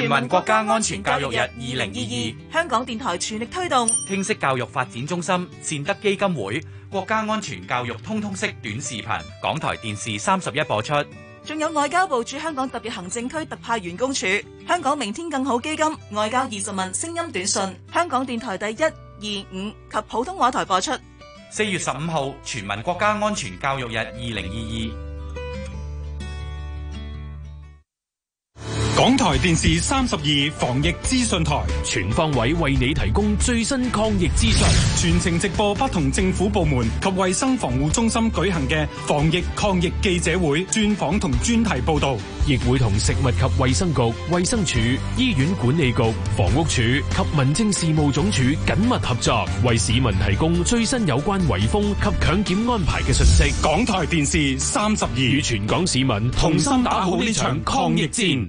全民國家安全教育日二零二二，香港電台全力推動。聽識教育發展中心善德基金會國家安全教育通通式短視頻，港台電視三十一播出。仲有外交部駐香港特別行政區特派員工處、香港明天更好基金、外交二十問聲音短訊，香港電台第一、二五及普通話台播出。四月十五號，全民國家安全教育日二零二二。港台電視三十二防疫資訊台全方位為你提供最新抗疫資訊，全程直播不同政府部門及衛生防護中心舉行嘅防疫抗疫記者會專訪同專題報道，亦會同食物及衛生局、衛生署、醫院管理局、房屋署及民政事務總署緊密合作，為市民提供最新有關圍封及強檢安排嘅信息。港台電視三十二與全港市民同心打好呢場抗疫戰。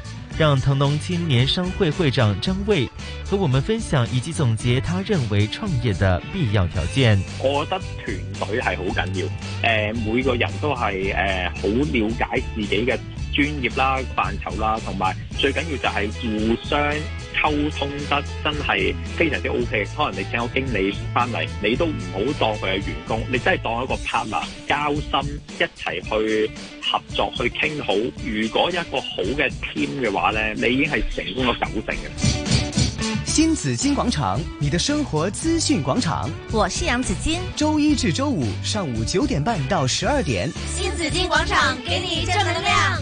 讓騰農青年商會會長張衛和我們分享以及總結他認為創業的必要條件。我覺得團隊係好緊要，誒、呃，每個人都係誒好了解自己嘅專業啦、範疇啦，同埋最緊要就係互相溝通得真係非常之 O K。可能你請我經理翻嚟，你都唔好當佢係員工，你真係當一個 partner，交心一齊去。合作去傾好。如果一個好嘅 team 嘅話呢，你已經係成功咗九成嘅。新紫荊廣場，你的生活資訊廣場，我係楊子矜。周一至周五上午九點半到十二點，新紫荊廣場給你正能量。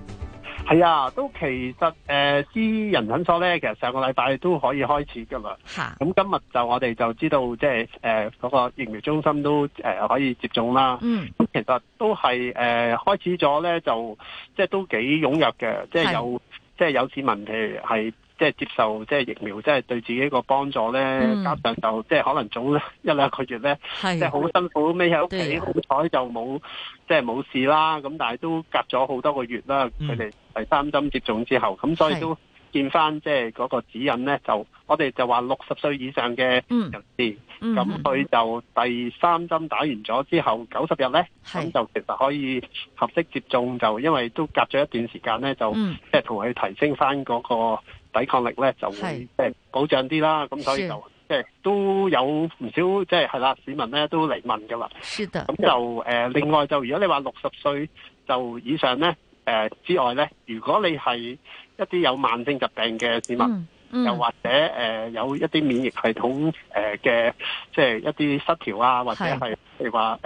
係啊，都其實誒啲、呃、人診所咧，其實上個禮拜都可以開始噶嘛。咁、啊、今日就我哋就知道，即係誒嗰個疫苗中心都、呃、可以接種啦。嗯。咁其實都係誒、呃、開始咗咧，就即係都幾踴躍嘅，即係有即係有市民譬如係。即、就、係、是、接受即係疫苗，即、就、係、是、對自己個幫助咧、嗯。加上就即係、就是、可能總一兩個月咧，即係好辛苦，匿喺屋企。好彩就冇即係冇事啦。咁但係都隔咗好多個月啦。佢、嗯、哋第三針接種之後，咁、嗯、所以都見翻即係嗰個指引咧，就我哋就話六十歲以上嘅人士，咁、嗯、佢就第三針打完咗之後九十日咧，咁、嗯、就其實可以合適接種。就因為都隔咗一段時間咧，就即係同佢提升翻、那、嗰個，抵抗力咧就會保障啲啦，咁所以就即係、就是、都有唔少即係係啦，市民咧都嚟問㗎啦。咁就誒、呃、另外就如果你話六十歲就以上咧誒、呃、之外咧，如果你係一啲有慢性疾病嘅市民、嗯，又或者誒、呃、有一啲免疫系統嘅即係一啲失調啊，或者係譬如話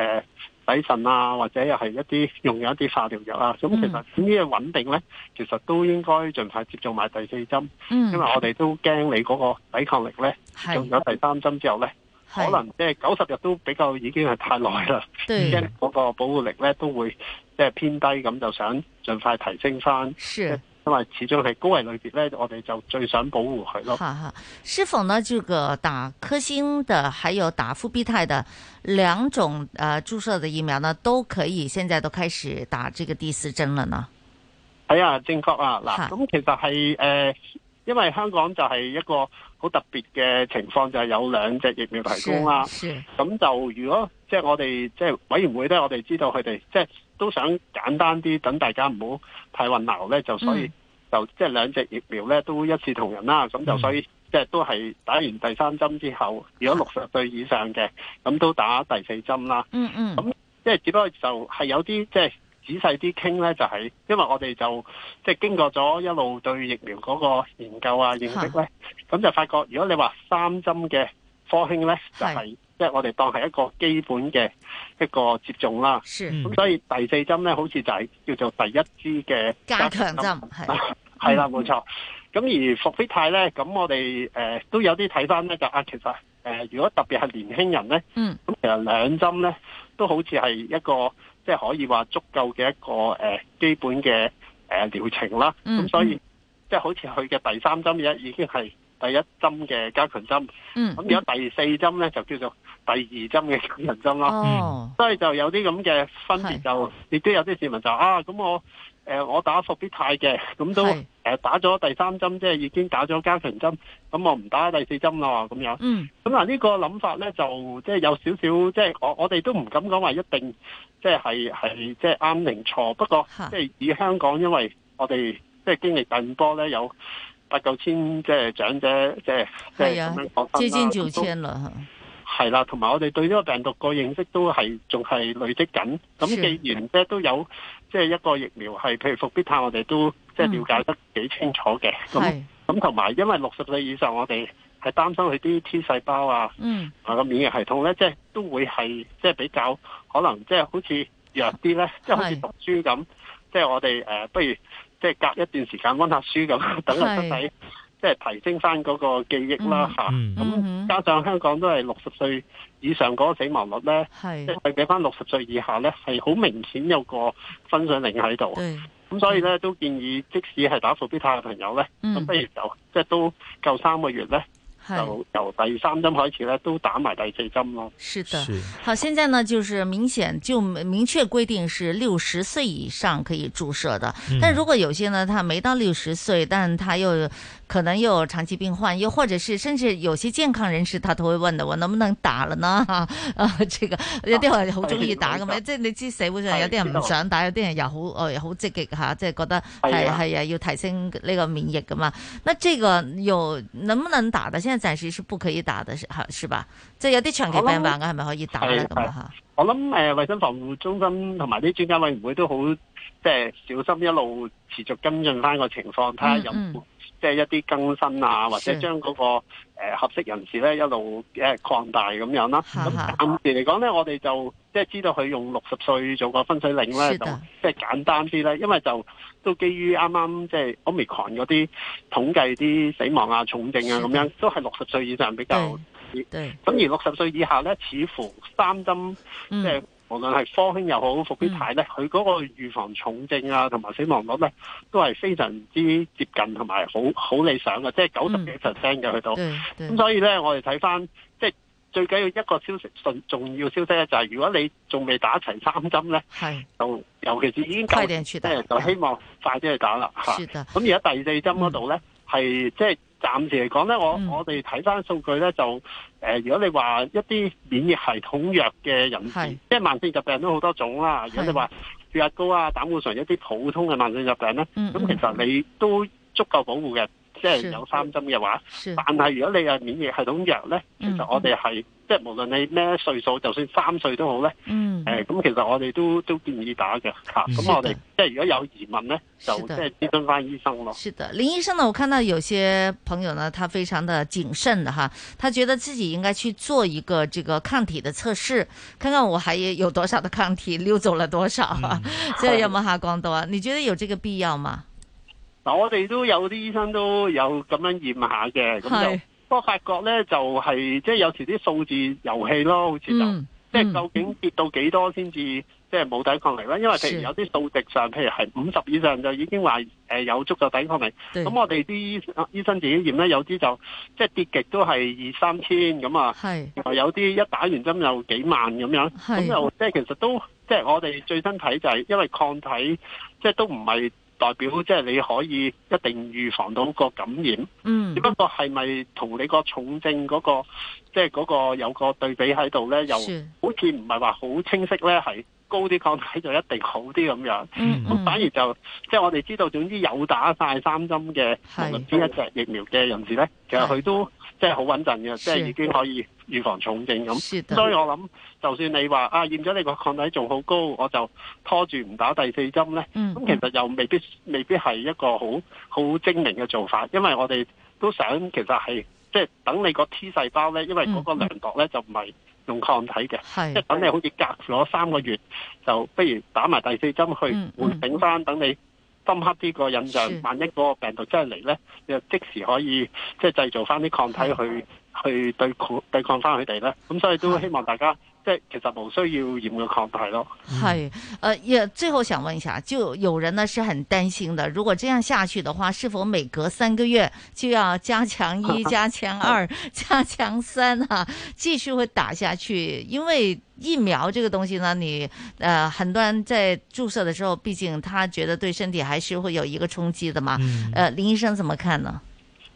洗腎啊，或者又係一啲用緊一啲化療藥啊，咁、嗯、其實呢個穩定咧，其實都應該盡快接種埋第四針，嗯、因為我哋都驚你嗰個抵抗力咧，用咗第三針之後咧，可能即係九十日都比較已經係太耐啦，驚嗰個保護力咧都會即係偏低，咁就想盡快提升翻。因為始終係高危類別咧，我哋就最想保護佢咯。哈哈 是否呢？這個打科興的，還有打復必泰的兩種誒、呃、注射的疫苗呢，都可以現在都開始打這個第四針了呢？係、哎、啊，正確啊。嗱，咁 其實係誒、呃，因為香港就係一個，好特別嘅情況就係、係、有兩隻疫苗提供啦，咁就如果即係、即係、我哋即係委員會咧，我哋知道佢哋即係都想簡單啲，等大家唔好太混淆咧，就所以、嗯、就即係、即係、兩隻疫苗咧都一視同仁啦。咁、嗯、就所以即係、即係、都係打完第三針之後，如果六十歲以上嘅，咁都打第四針啦。嗯嗯，咁即係只不過就係有啲即係、即係仔細啲傾咧，就係因為我哋就即係經過咗一路對疫苗嗰個研究啊認識咧，咁就發覺如果你話三針嘅科興咧，就係即係我哋當係一個基本嘅一個接種啦。咁所以第四針咧，好似就係叫做第一支嘅加強針,加強針、 嗯，係啦冇錯。咁而復必泰咧，咁我哋誒都有啲睇翻咧，就啊其實誒如果特別係年輕人咧，咁其實兩針咧都好似係一個。即、就、係、是、可以話足夠嘅一個誒基本嘅誒療程啦，咁、嗯、所以即係、就是、好似佢嘅第三針已已經係第一針嘅加強針，咁而家第四針咧就叫做第二針嘅加強針啦、哦，所以就有啲咁嘅分別就，就亦都有啲市民就啊咁我。誒、呃，我打伏必泰嘅，咁都、呃、打咗第三針，即係已經打咗加強針，咁我唔打第四針啦，咁樣。嗯。咁嗱，呢個諗法咧，就即係有少少，即係我我哋都唔敢講話一定，即係係係即係啱定錯。不過，即係以香港，因為我哋即係經歷第五波咧，有八九千即係長者，即係係啊，接近九千啦。係啦，同埋我哋對呢個病毒個認識都係仲係累積緊。咁既然即係都有即係一個疫苗，係譬如復必泰，我哋都即係了解得幾清楚嘅。咁咁同埋，因為六十歲以上，我哋係擔心佢啲 T 細胞啊，啊、嗯、個免疫系統咧，即係都會係即係比較可能即係好似弱啲咧，即係、就是、好似讀書咁，即係、就是、我哋誒不如即係隔一段時間溫下書咁，等個身體。即係提升翻嗰個記憶啦吓，咁、嗯啊嗯、加上香港都係六十歲以上嗰個死亡率咧，係俾翻六十歲以下咧係好明顯有個分水嶺喺度，咁、啊、所以咧、嗯、都建議即使係打復必泰嘅朋友咧，咁、嗯、不如就即係、就是、都夠三個月咧，就由第三針開始咧都打埋第四針咯。是的，好，現在呢就是明顯就明確規定是六十歲以上可以注射的、嗯，但如果有些呢，他沒到六十歲，但他又。可能又有長期病患，又或者是甚至有些健康人士，他都會問的，我能不能打了呢？啊，啊這個有啲話好中意打咁樣，即、啊、係你知社會上有啲人唔想打，有啲人又好，哦又好積極吓，即係、啊、覺得係係啊，要提升呢個免疫噶嘛。那這個又能不能打的？現在暫時是不可以打的，是是吧？即係有啲長期病患，我係咪可以打噶嘛？吓，我諗誒，衛生防護中心同埋啲專家委員會都好，即、就、係、是、小心一路持續跟進翻個情況，睇下有冇即係一啲更新啊，或者將嗰、那個、呃、合適人士咧一路誒、呃、擴大咁樣啦、啊。咁暫時嚟講咧，我哋就即係知道佢用六十歲做個分水嶺咧，就即係簡單啲咧。因為就都基於啱啱即係 Omicron 嗰啲統計啲死亡啊、重症啊咁樣，都係六十歲以上比較多。對，咁而六十歲以下咧，似乎三針、嗯、即係。無論係科興又好，復必泰咧，佢、嗯、嗰個預防重症啊，同埋死亡率咧，都係非常之接近同埋好好理想嘅，即係九十幾 percent 嘅去到。咁、嗯、所以咧，我哋睇翻，即、就、係、是、最緊要一個消息，重重要消息咧、就是，就係如果你仲未打齊三針咧，就尤其是已經即係就希望快啲去打啦。咁而家第四針嗰度咧，係即係。暫時嚟講咧，我、嗯、我哋睇翻數據咧，就、呃、如果你話一啲免疫系統弱嘅人士，即係、就是、慢性疾病都好多種啦。如果你話血壓高啊、膽固醇一啲普通嘅慢性疾病咧，咁、嗯、其實你都足夠保護嘅，即係、就是、有三針嘅話。但係如果你係免疫系統弱咧、嗯，其實我哋係。即係無論你咩歲數，就算三歲都好咧，誒、嗯，咁、呃、其實我哋都都建議打嘅，咁、啊、我哋即係如果有疑問咧，就即係諮詢返醫生咯。是的，林醫生呢，我看到有些朋友呢，他非常的謹慎的哈，他覺得自己應該去做一個這個抗體的測試，看看我還有多少的抗體溜走了多少、啊，嗯、 所以有冇哈光多、啊，你覺得有這個必要嗎？嗱、呃，我哋都有啲醫生都有咁樣驗下嘅，咁就。我發覺咧就係、是、即係有時啲數字遊戲咯，好似就、嗯、即係究竟跌到幾多先至即係冇抵抗力啦。因為譬如有啲數值上，是譬如係五十以上就已經話誒有足夠抵抗力。咁我哋啲醫生自己驗咧，有啲就即係跌極都係二三千咁啊，同有啲一打完針又幾萬咁樣。咁又即係其實都即係我哋最新睇就係、是、因為抗體即係都唔係。代表即係你可以一定預防到個感染，嗯，只不過係咪同你個重症嗰、嗰個即係嗰個有個對比喺度咧，又好似唔係話好清晰咧，係高啲抗體就一定好啲咁樣，嗯，咁反而就、嗯、即係我哋知道，總之有打晒三針嘅，無論邊一隻疫苗嘅人士咧，其實佢都即係好穩陣嘅，即係已經可以。預防重症咁，所以我諗，就算你話啊驗咗你個抗體仲好高，我就拖住唔打第四針呢。咁、嗯、其實又未必未必係一個好好精明嘅做法，因為我哋都想其實係即係等你個 T 細胞呢，因為嗰個量度呢，嗯、就唔係用抗體嘅，即係等你好似隔咗三個月就不如打埋第四針去喚醒翻，等、嗯、你深刻啲個印象，萬一嗰個病毒真係嚟呢，你就即時可以即係製造翻啲抗體去。去對抗對抗翻佢哋啦。咁所以都希望大家即係其實無需要嚴嘅抗體咯。係，也、呃、最後想問一下，就有人呢是很擔心的，如果這樣下去的話，是否每隔三個月就要加強一、 加強二、加強三啊？繼續會打下去，因為疫苗這個東西呢，你，呃很多人在注射的時候，畢竟他覺得對身體還是會有一個衝擊的嘛。嗯、呃，林醫生怎麼看呢？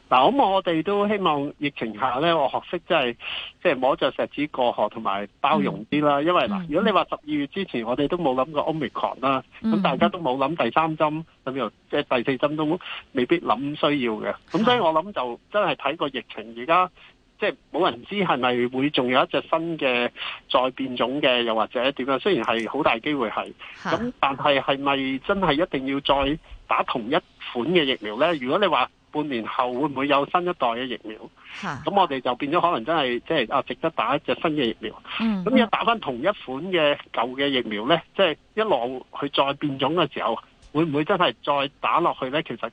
嗱，咁我哋都希望疫情下咧，我學識即係即係摸着石子過河，同埋包容啲啦。因為嗱，如果你話十二月之前，我哋都冇諗過 Omicron 啦，咁大家都冇諗第三針，咁又即係第四針都未必諗需要嘅。咁所以我諗就真係睇個疫情，而家即係冇人知係咪會仲有一隻新嘅再變種嘅，又或者點樣，雖然係好大機會係，咁但係係咪真係一定要再打同一款嘅疫苗咧？如果你話，半年後會唔會有新一代嘅疫苗？咁、啊、我哋就變咗可能真係即係啊，值得打一隻新嘅疫苗。咁、嗯、要打翻同一款嘅舊嘅疫苗呢，即、就、係、是、一路去再變種嘅時候，會唔會真係再打落去呢？其實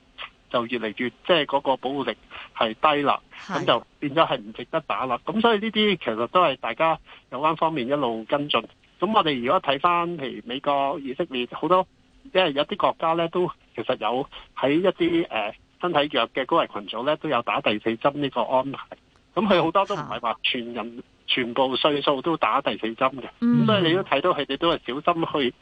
就越嚟越即係嗰個保護力係低啦，咁就變咗係唔值得打啦。咁所以呢啲其實都係大家有關方面一路跟進。咁我哋如果睇翻譬如美國、以色列好多，即、就、係、是、有啲國家呢，都其實有喺一啲身體弱嘅高危群組咧都有打第四針呢個安排，咁佢好多都唔係話全人全部歲數都打第四針嘅，咁、嗯、所以你都睇到佢哋都係小心去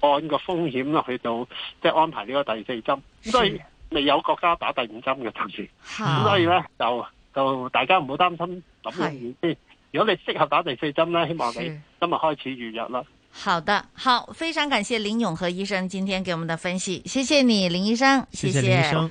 按個風險落去到即係安排呢個第四針，所以未有國家打第五針嘅暫時，咁所以咧、嗯、就就大家唔好擔心咁嘅意思，如果你適合打第四針咧，希望你今日開始預約啦。好的，好，非常感謝林永和醫生今天給我們的分析，謝謝你林醫生，謝謝。謝謝。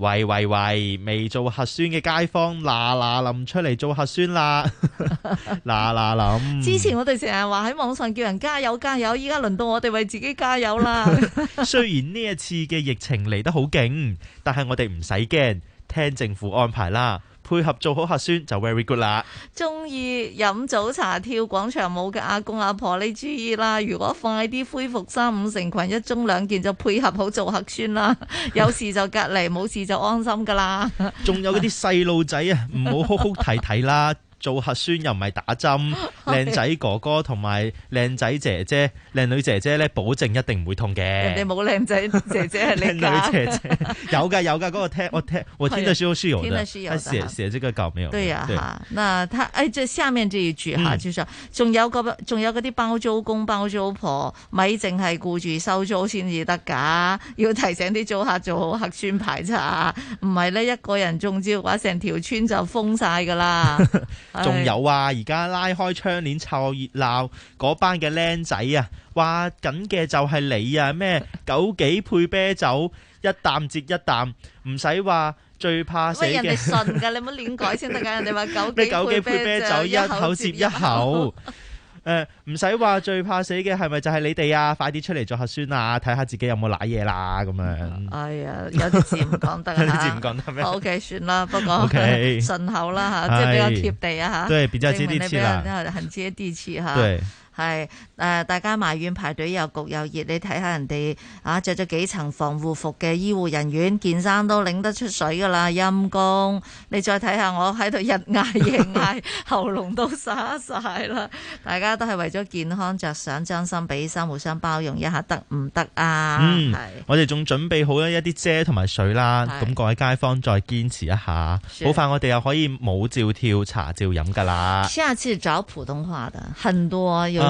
喂喂喂！未做核酸嘅街坊，嗱嗱臨出嚟做核酸啦！嗱嗱臨。之前我哋成日話喺網上叫人加油加油，依家輪到我哋為自己加油啦。 雖然呢一次嘅疫情嚟得好勁，但係我哋唔使驚，聽政府安排啦。配合做好核酸就 very good 啦。中意飲早茶、跳廣場舞嘅阿公阿婆，你注意啦。如果快啲恢復三五成群，一盅兩件就配合好做核酸啦。有事就隔離，冇 事就安心噶 啦。仲有嗰啲細路仔啊，唔好哭哭啼啼啦。做核酸又唔係打針，靚仔哥哥同埋靚仔姐姐、靚女姐姐咧，保證一定唔會痛嘅。人哋冇靚仔姐姐、靚 女姐姐，有噶有噶。嗰個聽我聽我聽的時候是有的。他寫寫這個稿、哎、沒有？對呀、啊哎，下面要住客之上，仲、嗯、有個仲有嗰啲包租公包租婆，咪淨係顧住收租先至得噶。要提醒啲租客做好核酸排查，唔係咧一個人中招嘅話，成條村就封晒噶啦。 仲有啊！而家拉開窗簾湊熱鬧嗰班嘅僆仔啊，話緊嘅就係你啊！咩枸杞配啤酒，一啖接一啖，唔使話最怕死嘅。 你哋信噶，你冇亂改先得噶。人哋話枸杞配啤，啤酒，一口接一口。一口誒、呃，唔使話最怕死嘅係咪就係你哋啊？ 快啲出嚟做核酸啊！睇下自己有冇瀨嘢啦，咁樣。啊、哎，有啲事唔講得了 有啲事唔講得咩？O K，算啦，不過 O K，順口啦吓， 即係比較貼地啊吓。對，比較接地氣啦，即係很接地氣吓、啊。對。係誒、呃，大家埋怨排隊又焗又熱，你睇下人哋啊，着咗幾層防護服嘅醫護人員，件衫都擰得出水噶啦，陰公。你再睇下我喺度日嗌夜嗌， 喉嚨都沙晒啦。大家都係為咗健康着想，將心比心互相包容一下，得唔得啊？嗯，係。我哋仲準備好咗一啲遮同埋水啦，咁各位街坊再堅持一下，好快我哋又可以冇照跳茶照飲噶啦。下次找普通話的，很多有、啊。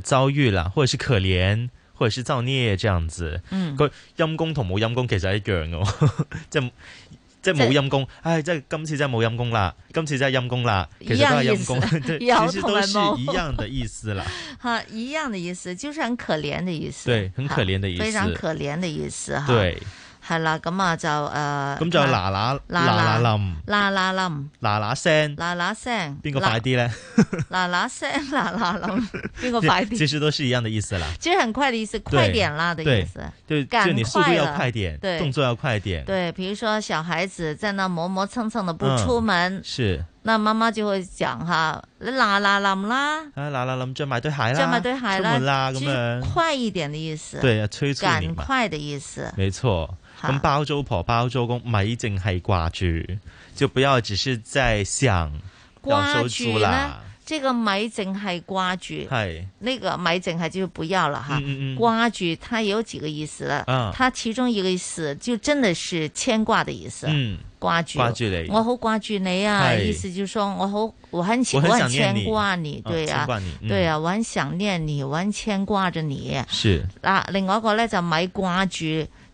遭遇啦，或者是可憐，或者是造孽，這樣子。嗯，陰公同冇陰公其實一樣哦。即係即係冇陰公，唉，即係今次真係冇陰公啦，今次真係陰公啦，其實都係陰公，其實都係一樣的意思啦。吓， 一樣的意思，就是，很可憐的意思。對，很可憐的意思，非常可憐的意思。哈，對。係啦，咁啊就誒，咁就嗱嗱嗱嗱冧，嗱嗱冧，嗱嗱聲，嗱嗱聲，邊個快啲咧？嗱嗱聲，嗱嗱冧，邊個快啲？其實都是一樣的意思啦。其實很快的意思，快點啦的意思，就就你速度要快點快，對，動作要快點。對，譬如說小孩子在那磨磨蹭蹭的不出門，嗯、是，那媽媽就會講哈，嗱嗱冧啦，嗱嗱冧，轉埋對鞋啦，轉埋對鞋啦，咁樣，快一點的意思，對，催促你，趕快的意思，沒錯。咁包租婆、包租公，咪淨係掛住，就不要只是在想掛住啦。這個咪淨係掛住，係那個咪淨係就不要了哈。掛、嗯、住、嗯嗯，它有幾個意思啦、啊。它其中一個意思就真的是牽掛的意思。嗯，掛住掛住你，我好掛住你啊。意思就是說我好，我很喜歡你，牽掛你，對啊，啊掛你、嗯，對啊，我很想念你，我很牽掛着你。是嗱、啊，另外一個咧就咪掛住。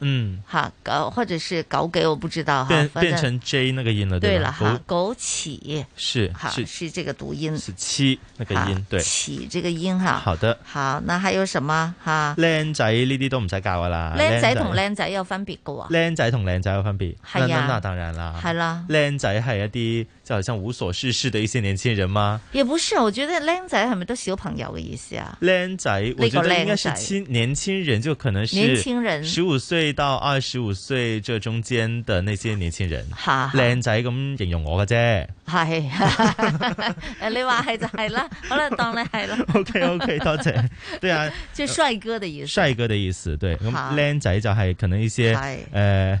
嗯，哈，搞，或者是枸杞，我不知道，哈，變成 J 那個音了，對吧，枸杞是是是這個讀音是，是七，那個音，對，起這個音，哈，好的，好，那還有什麼，哈，靚仔呢啲都唔使教㗎啦，靚仔同靚仔有分別㗎，靚仔同靚仔有分別，係、哎、啊，那當然啦，係、哎、啦，靚仔係一啲就，好像無所事事的一些年輕人嗎？也不是，我覺得靚仔係咪都小朋友嘅意思啊？靚仔，我覺得應該係青年輕人，就可能是15年輕人，十五歲。到二十五歲這中間的那些年輕人，靚仔咁形容我嘅啫，係，你話係就係啦，好啦，當你係囉，OK OK，多謝，對啊，即係帥哥的意思，帥哥的意思，對，咁靚仔就係 可能一些誒。 呃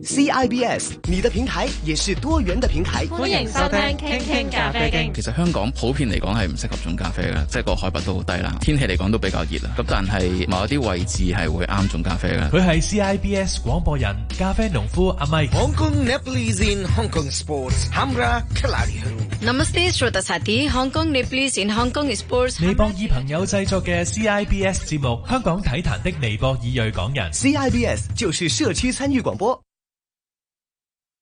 CIBS，你的平台也是多元的平台。歡迎收聽傾咖啡經。其實香港普遍嚟講係唔適合種咖啡嘅，即係個海拔都好低啦，天氣嚟講都比較熱啦。咁但係某一啲位置係會啱種咖啡嘅。佢係 CIBS 廣播人、咖啡農夫阿咪。i k 尼 Hong Kong Nepalis in Hong Kong Sports。拉里 Namaste Shrotasati Hong Kong Nepalis in Hong Kong Sports。尼泊爾朋友製作嘅 CIBS 節目，香港體壇的尼泊爾裔港人。CIBS 就是社區參與廣播。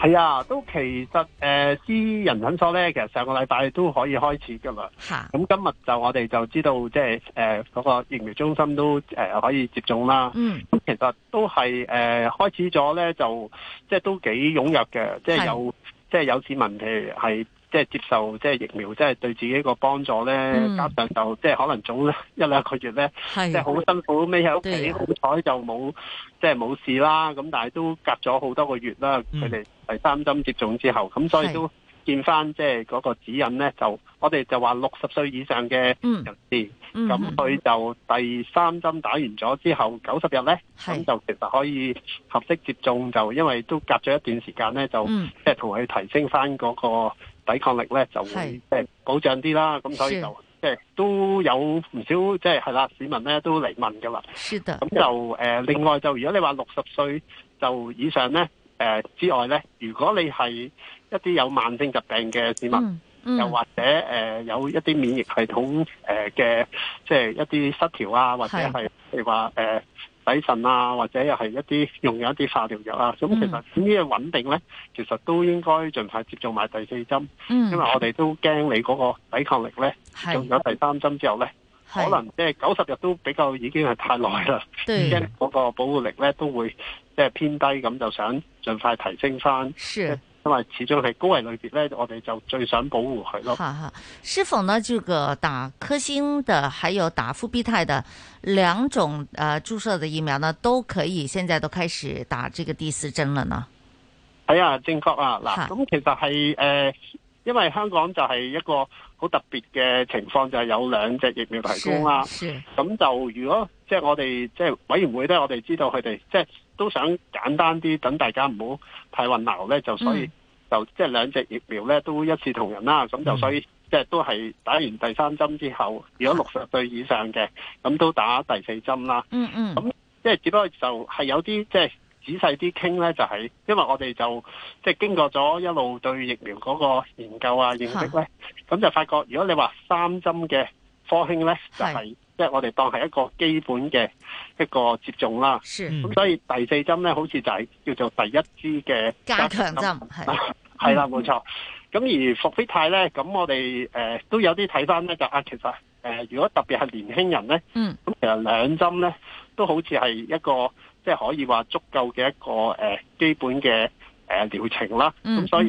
係啊，都其實誒私、呃、人診所咧，其實上個禮拜都可以開始噶啦。咁、嗯、今日就我哋就知道，即係誒嗰個疫苗中心都、呃、可以接種啦。嗯。咁其實都係誒、呃、開始咗咧，就即係都幾踴躍嘅，即係有即係有市民譬如係。即、就、係、是、接受即係疫苗，即、就、係、是、對自己個幫助咧、嗯。加上就即係、就是、可能種一兩個月咧，即係好辛苦，孭喺屋企。好彩就冇即係冇事啦。咁但係都隔咗好多個月啦。佢、嗯、哋第三針接種之後，咁、嗯、所以都見翻即係嗰個指引咧，就我哋就話六十歲以上嘅人士，咁、嗯、佢就第三針打完咗之後九十日咧，咁、嗯、就其實可以合適接種。就因為都隔咗一段時間咧，就即係同佢提升翻、那、嗰個，抵抗力咧就會保障啲啦，咁所以就即係都有唔少即係係啦，市民咧都嚟問噶啦。咁就誒、呃，另外就如果你話六十歲就以上咧誒、呃、之外咧，如果你係一啲有慢性疾病嘅市民，又或者誒、呃、有一啲免疫系統嘅即係一啲失調啊，或者係譬如話。洗腎啊，或者又係一啲用緊一啲化療藥啊，咁、嗯、其實這個穩，呢啲嘢穩定咧，其實都應該盡快接種埋第四針，嗯，因為我哋都驚你嗰個抵抗力咧，用咗第三針之後咧，可能即係九十日都比較已經係太耐啦，驚嗰個保護力咧都會即係偏低，咁就想盡快提升翻。因為始終係高危類別咧，我哋就最想保護佢咯。吓吓，是否呢？這個打科興的，還有打復必泰的兩種誒、呃、注射的疫苗呢，都可以現在都開始打這個第四針了呢？係、哎、啊，正確啊。嗱，咁其實係誒、呃，因為香港就係一個。好特別嘅情況就係、是、有兩隻疫苗提供啦，咁就如果即係、就是、我哋即係委員會咧，我哋知道佢哋即係都想簡單啲，等大家唔好太混淆咧，就所以、嗯、就即係、就是、兩隻疫苗咧都一視同仁啦。咁、嗯、就所以即係都係打完第三針之後，如果六十歲以上嘅咁都打第四針啦。嗯嗯。咁即係只不過就係有啲即係。就是仔細啲傾咧，就係因為我哋就即係經過咗一路對疫苗嗰個研究、啊認識咧，咁就發覺如果你話三針嘅科興咧，就係即係我哋當係一個基本嘅一個接種啦。咁所以第四針咧，好似就係叫做第一支嘅加強針係、 嗯。係啦，冇錯。咁而伏必泰咧，咁我哋誒、呃、都有啲睇翻咧，就啊其實誒、呃，如果特別係年輕人咧，咁其實兩針咧都好似係一個。即係可以話足夠嘅一個誒基本嘅誒療程啦，咁、嗯、所以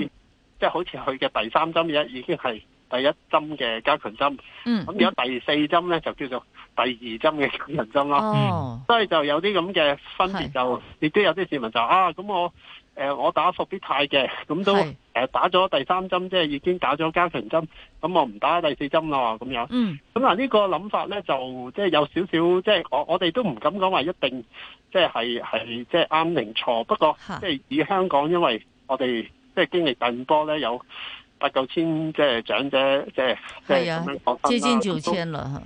即係、就是、好似佢嘅第三針咧已經係第一針嘅加強針，咁而家第四針咧就叫做第二針嘅加強針咯、哦，所以就有啲咁嘅分別，就亦都有啲市民就啊咁我。誒、呃，我打伏必泰嘅，咁都誒打咗第三針，即係已經打咗加強針，咁我唔打第四針啦，咁樣。嗯。咁嗱，呢個諗法咧，就即係有少少，即係我我哋都唔敢講話一定，即係係係即係啱定錯，不過即係以香港，因為我哋即係經歷第五波咧，有八九千即係長者，即係係啊，啊接近九千啦。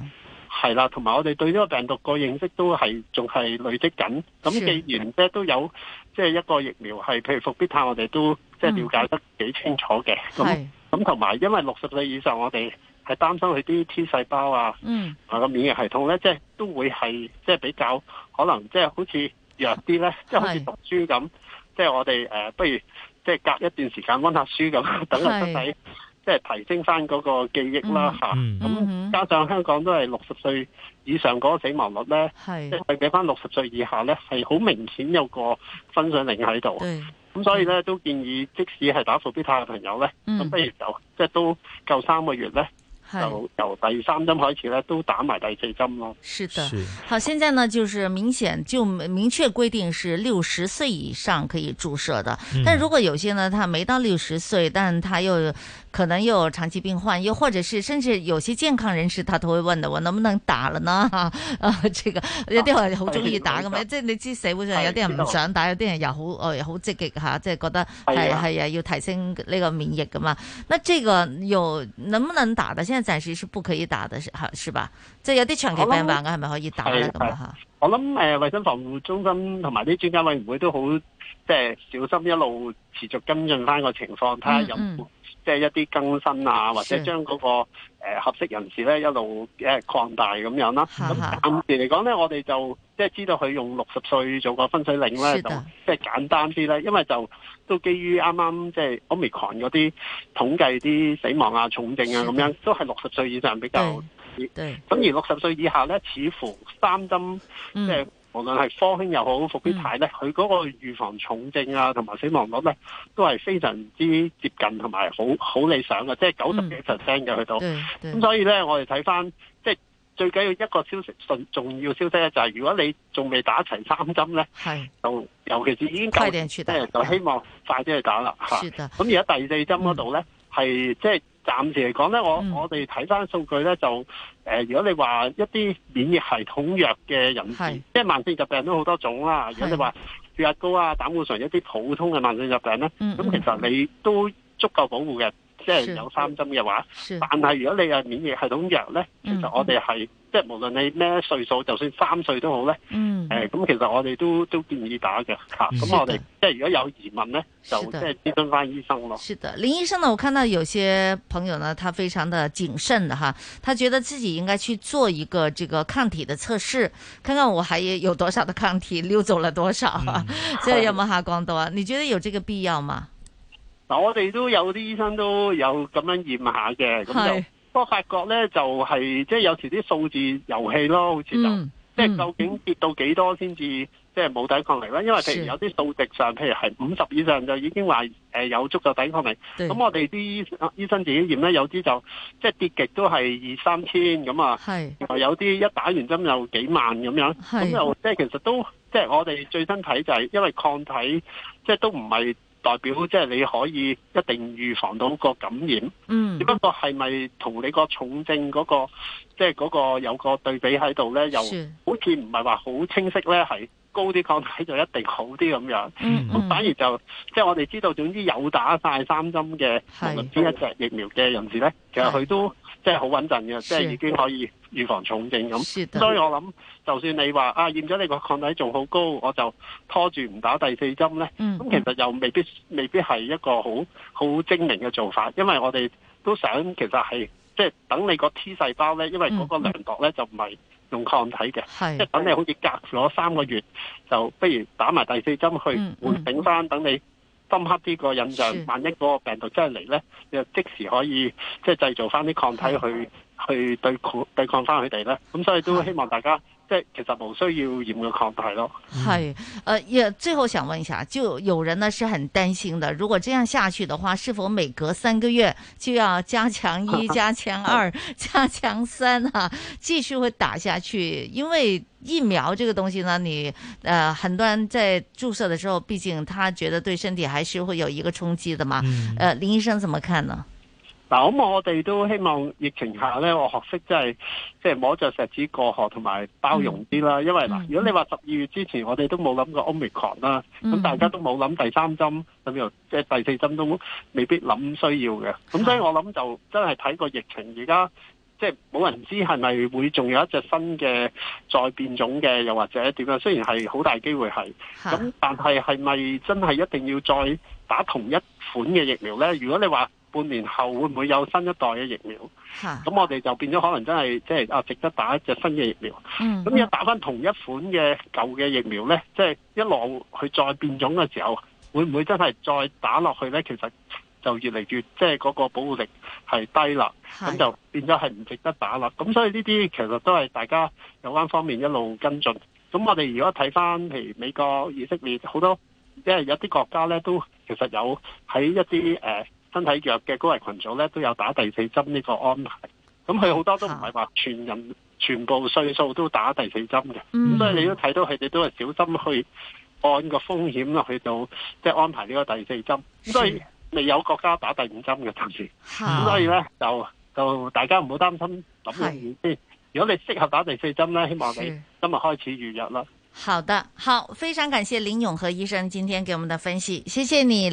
係啦，同埋我哋對呢個病毒個認識都係仲係累積緊。咁既然咧都有即係一個疫苗，係譬如復必泰，我哋都即係了解得幾清楚嘅。咁咁同埋，因為六十歲以上，我哋係擔心佢啲 T 細胞啊，啊、嗯、個免疫系統咧，即係都會係即係比較可能即係好似弱啲咧，即係、就是、好似讀書咁，即係、就是、我哋誒不如即係隔一段時間温下書咁，等個身體。即係提升翻嗰個記憶啦嚇，咁、嗯啊嗯、加上香港都係六十歲以上嗰死亡率咧，即係比翻六十歲以下咧係好明顯有個分水嶺喺度，咁所以咧、嗯、都建議即使係打復必泰嘅朋友咧，咁、嗯、不如就即係都夠三個月咧，就由第三針開始咧都打埋第四針咯。是的，好，現在呢就是明顯就明確規定是六十歲以上可以注射的，嗯、但如果有些呢，他未到六十歲，但他又。可能又有長期病患，又或者是甚至有些健康人士，他都會問的，我能不能打了呢？啊，啊，這個有啲好中意打咁樣，即、啊、係你知社會上有啲人唔想打，有啲人又好，我又好積極吓，即係、啊、覺得係係啊，要提升呢個免疫噶嘛。那呢個又能不能打的？現在暫時是不可以打的，是是吧？即係有啲長期病患，我係咪可以打嚟噶吓，我諗誒，衛生防護中心同埋啲專家委員會都好，即、就、係、是、小心一路持續跟進翻個情況，睇下有，有、嗯。嗯即係一啲更新啊，或者將嗰、那個、呃、合適人士咧一路誒、呃、擴大咁樣啦、啊。咁暫時嚟講咧，我哋就即係知道佢用六十歲做個分水嶺咧，就即係簡單啲啦，因為就都基於啱啱即係 Omicron 嗰啲統計啲死亡啊、重症啊咁樣，都係六十歲以上比較多。咁而六十歲以下咧，似乎三針即係。無論係科興又好，復必泰咧，佢、嗯、嗰個預防重症啊，同埋死亡率咧，都係非常之接近同埋好好理想嘅，即係九十幾 percent 嘅去到。咁、嗯、所以咧，我哋睇返，即係最緊要一個消息，重重要消息咧，就係，就係如果你仲未打齊三針咧，就尤其是已經確定，即就希望快啲去打啦吓。咁而家第四針嗰度咧，係、嗯、即係。暫時嚟講咧，我、嗯、我哋睇翻數據咧，就、呃、如果你話一啲免疫系統弱嘅人士，即係慢性疾病都好多種啦。如果你話血壓高啊、膽固醇一啲普通嘅慢性疾病咧，咁、嗯、其實你都足夠保護嘅，即係有三針嘅話。但係如果你係免疫系統弱咧，其實我哋係。即係無論你咩歲數，就算三歲都好咧，誒、嗯，咁、呃、其實我哋都都建議打嘅，咁、啊、我哋即係如果有疑問咧，就即係諮詢返醫生咯。是的，林醫生呢，我看到有些朋友呢，他非常的謹慎的哈，他覺得自己應該去做一個這個抗體的測試，看看我還有多少的抗體溜走了多少，即、嗯、這有冇下降到啊？你覺得有這個必要嗎？嗱，我哋都有啲醫生都有咁樣驗下嘅，咁就。我發覺咧就係即係有時啲數字遊戲咯，好似就即係、嗯就是、究竟跌到幾多先至即係冇抵抗力啦、嗯。因為譬如有啲數值上，譬如係五十以上就已經話誒有足夠抵抗力。咁我哋啲醫生自己驗咧，有啲就即係、就是、跌極都係二三千咁啊，又有啲一打完針又幾萬咁樣。咁又即係其實都即係、就是、我哋最新睇就係、是、因為抗體即係、就是、都唔係。代表即係你可以一定預防到個感染，嗯，只不過係咪同你個重症嗰、嗰個即係嗰個有個對比喺度咧，又好似唔係話好清晰咧，係高啲抗體就一定好啲咁樣，咁、嗯、反而就即係、即係、我哋知道，總之有打晒三針嘅無論邊一隻疫苗嘅人士咧，其實佢都即係好穩陣嘅，即係已經可以。預防重症咁，所以我諗，就算你話啊驗咗你個抗體仲好高，我就拖住唔打第四針呢。咁、嗯、其實又未必未必係一個好好精明嘅做法，因為我哋都想其實係即係等你個 T 細胞呢，因為嗰個量度呢，嗯、就唔係用抗體嘅，即係等你好似隔咗三個月就不如打埋第四針去喚醒翻，等你深刻啲個印象，萬一嗰個病毒真係嚟呢，你就即時可以即係製造翻啲抗體去。去對抗對抗翻佢哋呢，咁，所以都希望大家是即係其實無需要嚴嘅擴大咯。係，也、呃、最後想問一下，就有人呢是很擔心的，如果這樣下去的話，是否每隔三個月就要加強一、 加強強二、 加強三啊，繼續會打下去？因為疫苗這個東西呢，你呃很多人在注射的時候，畢竟他覺得對身體還是會有一個衝擊的嘛、嗯。呃，林醫生怎麼看呢？嗱、啊、咁、嗯、我哋都希望疫情下咧，我學識即係即係摸着石子過河，同埋包容啲啦、嗯。因為嗱、嗯，如果你話十二月之前，我哋都冇諗過 Omicron 啦，咁、嗯、大家都冇諗第三針，咁又即係第四針都未必諗需要嘅。咁、嗯、所以我諗就真係睇個疫情，而家即係冇人知係咪會仲有一隻新嘅再變種嘅，又或者點樣？雖然係好大機會係，咁、嗯、但係係咪真係一定要再打同一款嘅疫苗咧？如果你話，半年後會唔會有新一代嘅疫苗？咁、啊、我哋就變咗可能真係即係啊，值得打一隻新嘅疫苗。咁、嗯、如果打翻同一款嘅舊嘅疫苗呢，即、就、係、是、一路去再變種嘅時候，會唔會真係再打落去呢？其實就越嚟越即係嗰個保護力係低啦，咁就變咗係唔值得打啦。咁所以呢啲其實都係大家有關方面一路跟進。咁我哋如果睇翻譬如美國、以色列好多，即、就、係、是、有啲國家呢，都其實有喺一啲誒，嗯身體弱嘅高危群組咧都有打第四針呢個安排，咁佢好多都唔係話全人全部歲數都打第四針嘅，咁、嗯、所以你看到他們都睇到佢哋都係小心去按個風險落去做即係安排呢個第四針，所以未有國家打第五針嘅暫時，咁所以咧就就大家唔好擔心咁諗住，如果你適合打第四針咧，希望你今日開始預約啦。好的，好，非常感謝林永和醫生今天給我們的分析，謝謝你。